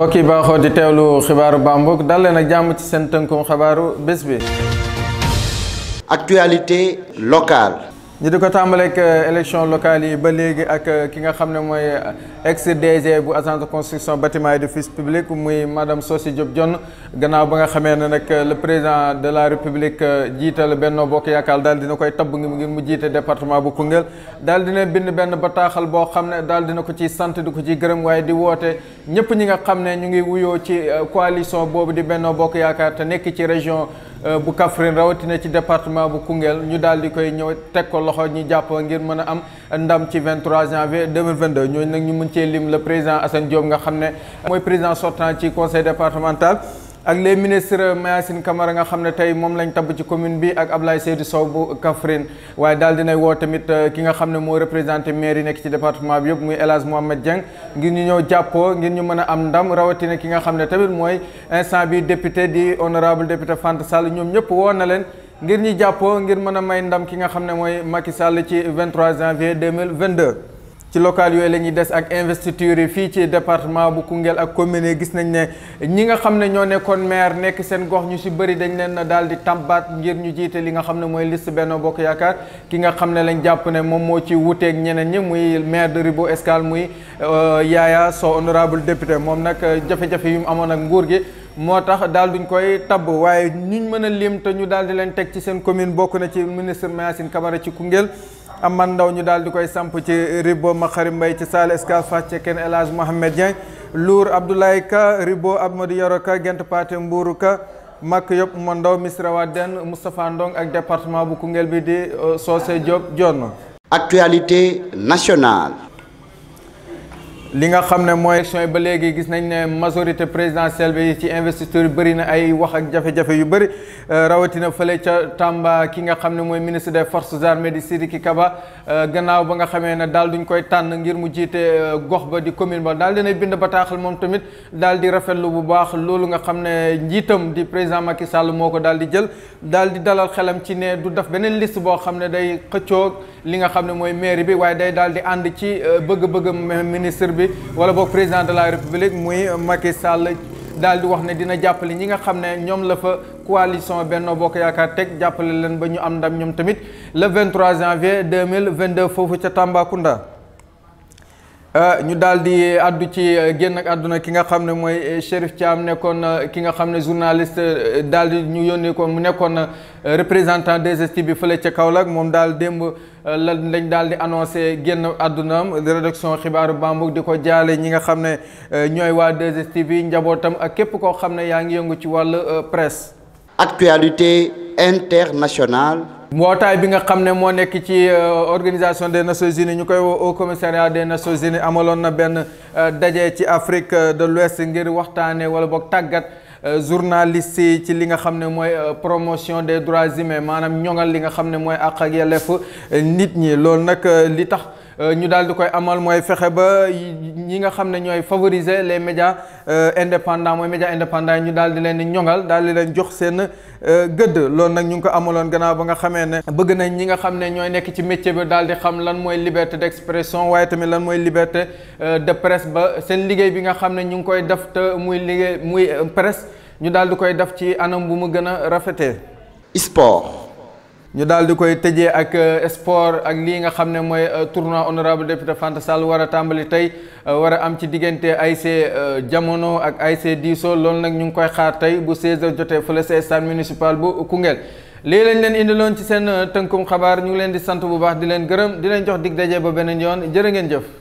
mbokk yi baaxoo di xibaaru Bambouk dal leen ak jàmm ci seen tënkum xabaaru bés bi. actualité locale. ñu di ko tàmbaleeg euh, élection locale yi ba léegi ak euh, ki nga xam ne mooy euh, ex DG bu agence de construction batiment et d'office public muy madame Sossi Diop Dione gannaaw ba nga xamee ne nag le président de la république jiital Benno Bokk Yaakaar daal dina koy tabb ngir mu ngi mu jiite département bu Koungheul daal dina bind benn bataaxal boo xam ne daal dina ko ci sant di ko ci gërëm waaye di woote ñëpp ñi nga xam ne ñu ngi wuyoo ci coalition boobu di benn Bokk Yaakaar te nekk ci région Euh, bu Kaffrine rawatina ci département bu Koungheul ñu daal di koy ñëw teg ko loxo ñu jàpp ngir mën a am ndam ci 23 janvier 2022 ñooñu nag ñu mën cee lim le président Assane Diop nga xam ne mooy président sortant ci conseil départemental. ak les ministres Mayacine Camara nga xam ne tey moom lañ tabb ci commune bi ak Ablaye Seydou Sow bu Kaffrine waaye daal dinay woo tamit euh, ki nga xam ne moo représenté maire yi nekk ci département bi yëpp muy El Hadj Mohamed Dieng ngir ñu ñëw jàppoo ngir ñu mën a am ndam rawatina ki nga xam ne tamit mooy instant bi député di honorable député fant Sall ñoom ñëpp woon a leen ngir ñu jàppoo ngir mën a may ndam ki nga xam ne mooy Macky Sall ci 23 janvier 2022 ci local yooyu la ñuy des ak investiture yi fii ci département bu Koungheul ak commune gis nañ ne ñi nga xam ne ñoo nekkoon maire nekk seen gox ñu si bëri dañ leen daal di tàmbaat ngir ñu jiite li nga xam ne mooy liste benn Bokk Yaakaar ki nga xam ne lañ jàpp ne moom moo ci wuteek ñeneen ñi muy maire de Ribot Escale muy euh, Yaya soo honorable député moom nag euh, jafe-jafe yu mu amoon ak nguur gi moo tax daal duñ koy tabb waaye ñuñ mën a lim te ñu daal di leen teg ci seen commune bokk na ci ministre Mayacine Camara ci Koungheul Amane Ndaw ñu daal di koy samp ci Ribo Makhari Mbaye ci Saal Escale Fass Cekkeen El Hadj Mohamed Dieng Lour Abdoulaye Ka Ribo Amadou Yoro Ka Gent Paate Mbuuru Ka Mak Yop Mondaw Misra Waden Moustapha Ndong ak département bu Koungheul bi di euh, Socé Diop Dione. Actualité nationale. li nga xam ne mooy élection ba léegi gis nañ ne majorité présidentielle bi ci investiture bëri na ay wax ak jafe-jafe yu bëri euh, rawatina fële ca Tamba ki nga xam ne mooy ministre des forces armées di Sidiki Kaba euh, gannaaw ba nga xamee ne daal duñ koy tànn ngir mu jiite euh, gox ba di commune ba daal dinay bind bataaxal moom tamit daal di rafetlu bu baax loolu nga xam ne njiitam di président Macky Sall moo ko daal di jël daal di dalal xelam ci ne du def beneen liste boo xam ne day xëccoo li nga xam ne mooy mairie bi waaye day daal di ànd ci bëgg-bëgg ministre bi bi boo boog président de la république muy Macky Sall daal di wax ne dina jàppale ñi nga xam ne ñoom la fa coalition benn Bokk Yaakaar teg jàppale leen ba ñu am ndam ñoom tamit le 23 janvier 2022 foofu ca Tambacounda. Euh, ñu daal di àddu ci euh, génn àdduna ki nga xam ne mooy euh, Chérif Thiam nekkoon ki nga xam ne journaliste daal di ñu yónnee ko mu nekkoon na représentant des STV bi fële ca Kaolack moom daal démb lan lañ daal di annoncé génn àdduna rédaction xibaaru Bambuk di ko jaale ñi nga xam ne ñooy waa 2STV njabootam ak képp koo xam ne yaa ngi yëngu ci wàllu presse. actualité internationale. mbootaay bi nga xam ne moo nekk ci euh, organisation des nations unies ñu koy woo au commissariat des nations unies amaloon na benn euh, daje ci Afrique euh, de l'Ouest ngir waxtaane wala boog tàggat journaliste yi ci li nga xam ne mooy promotion des droits humains maanaam ñoŋal li nga xam ne mooy àq ak yelleef nit ñi loolu nag li tax ñu daal di koy amal mooy fexe ba ñi nga xam ne ñooy favoriser les médias indépendants mooy média indépendants yi ñu daal di leen ñoŋal daal di leen jox seen Euh, gëdd loolu nag ñu ngi ko amaloon gannaaw ba nga xamee ne bëgg nañ ñi nga xam ne ñooy nekk ci métier bi daal di xam lan mooy liberté d'expression waaye tamit lan mooy liberté euh, de presse ba seen liggéey bi nga xam ne ñu ngi koy def te muy liggéey muy euh, presse ñu daal di koy def ci anam bu mu gën a rafetee. sport. ñu daal di koy tëjee ak euh, sport ak lii nga xam ne mooy euh, tournoi honorable député Fanta Sall war a tàmbali tey euh, war a am ci diggante ASC Jamono ak ASC Diso loolu nag ñu ngi koy xaar tey bu 16 jotee fële sa stade municipal bu Koungheul lii lañ leen indiloon ci seen tënkum xabaar ñu ngi leen di sant bu baax di leen gërëm di leen jox dig daje ba beneen yoon jërë ngeen jëf.